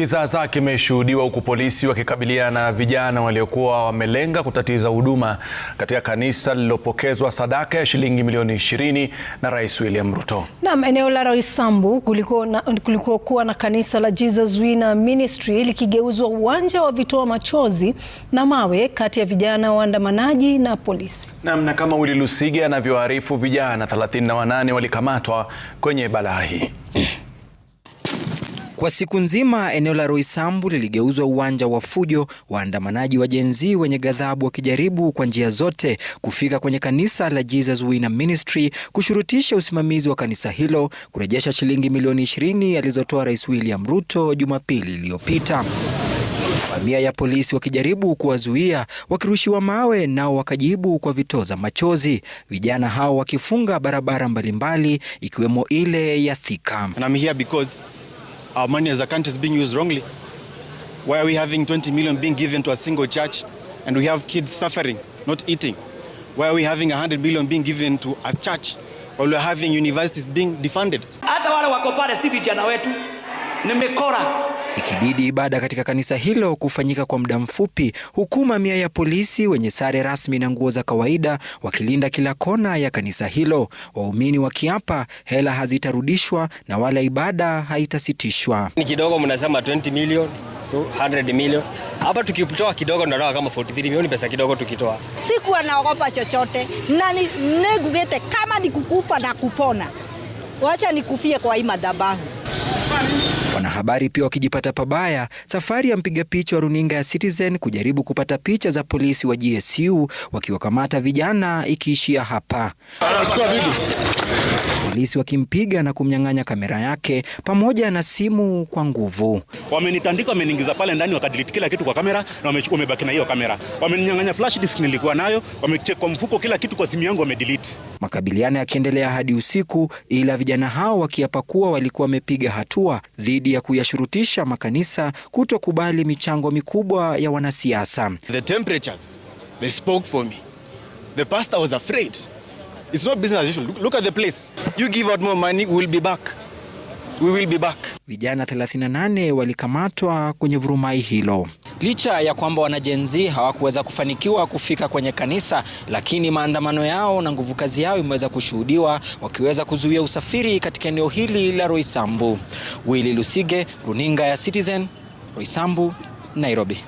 Kizaazaa kimeshuhudiwa huku polisi wakikabiliana na vijana waliokuwa wamelenga kutatiza huduma katika kanisa lililopokezwa sadaka ya shilingi milioni 20 na Rais William Ruto. Naam, eneo la Roysambu kulikuwa kuwa na kanisa la Jesus Winner Ministry likigeuzwa uwanja wa vitoa machozi na mawe kati ya vijana waandamanaji na polisi. Naam, na kama Willy Lusige anavyoarifu, vijana 38 walikamatwa kwenye balaa hii. Kwa siku nzima eneo la Roysambu liligeuzwa uwanja wa fujo, waandamanaji wa Gen Z wenye ghadhabu wakijaribu kwa njia zote kufika kwenye kanisa la Jesus Winner Ministry kushurutisha usimamizi wa kanisa hilo kurejesha shilingi milioni 20 alizotoa Rais William Ruto Jumapili iliyopita. Mamia ya polisi wakijaribu kuwazuia, wakirushiwa mawe, nao wakajibu kwa vitoza machozi, vijana hao wakifunga barabara mbalimbali ikiwemo ile ya Thika our money as a country is being used wrongly. Why are we having 20 million being given to a single church and we have kids suffering, not eating? Why are we having 100 million being given to a church while we are having universities being defunded? Hata wale wako pale si vijana wetu, ni mikora ikibidi ibada katika kanisa hilo kufanyika kwa muda mfupi, huku mamia ya polisi wenye sare rasmi na nguo za kawaida wakilinda kila kona ya kanisa hilo, waumini wakiapa hela hazitarudishwa na wala ibada haitasitishwa. Ni kidogo mnasema 20 million, so 100 million. Hapa tukitoa kidogo ndio kama 43 milioni pesa kidogo tukitoa. Sikuwa naogopa chochote. Na nigugete kama ni kukufa na kupona. Wacha nikufie kwa hii madhabahu. Wanahabari pia wakijipata pabaya, safari ya mpiga picha wa runinga ya Citizen kujaribu kupata picha za polisi wa GSU wakiwakamata vijana ikiishia hapa, polisi wakimpiga na kumnyang'anya kamera yake pamoja na simu kwa nguvu. Wamenitandika, wameniingiza pale ndani, wakadelete kila kitu kwa kamera na wamebaki na hiyo kamera. Wamenyang'anya flash disk nilikuwa nayo, wamecheck kwa mfuko, kila kitu kwa simu yangu wamedelete. Makabiliano yakiendelea hadi usiku, ila vijana hao wakiapa kuwa walikuwa wamepiga hatua dhidi dhidi ya kuyashurutisha makanisa kutokubali michango mikubwa ya wanasiasa. The temperatures, they spoke for me. The pastor was afraid. It's not business as usual. Look, look at the place. You give out more money, we'll be back. We will be back. Vijana 38 walikamatwa kwenye vurumai hilo. Licha ya kwamba wanajenzi hawakuweza kufanikiwa kufika kwenye kanisa, lakini maandamano yao na nguvu kazi yao imeweza kushuhudiwa wakiweza kuzuia usafiri katika eneo hili la Roysambu. Willy Lusige, runinga ya Citizen, Roysambu, Nairobi.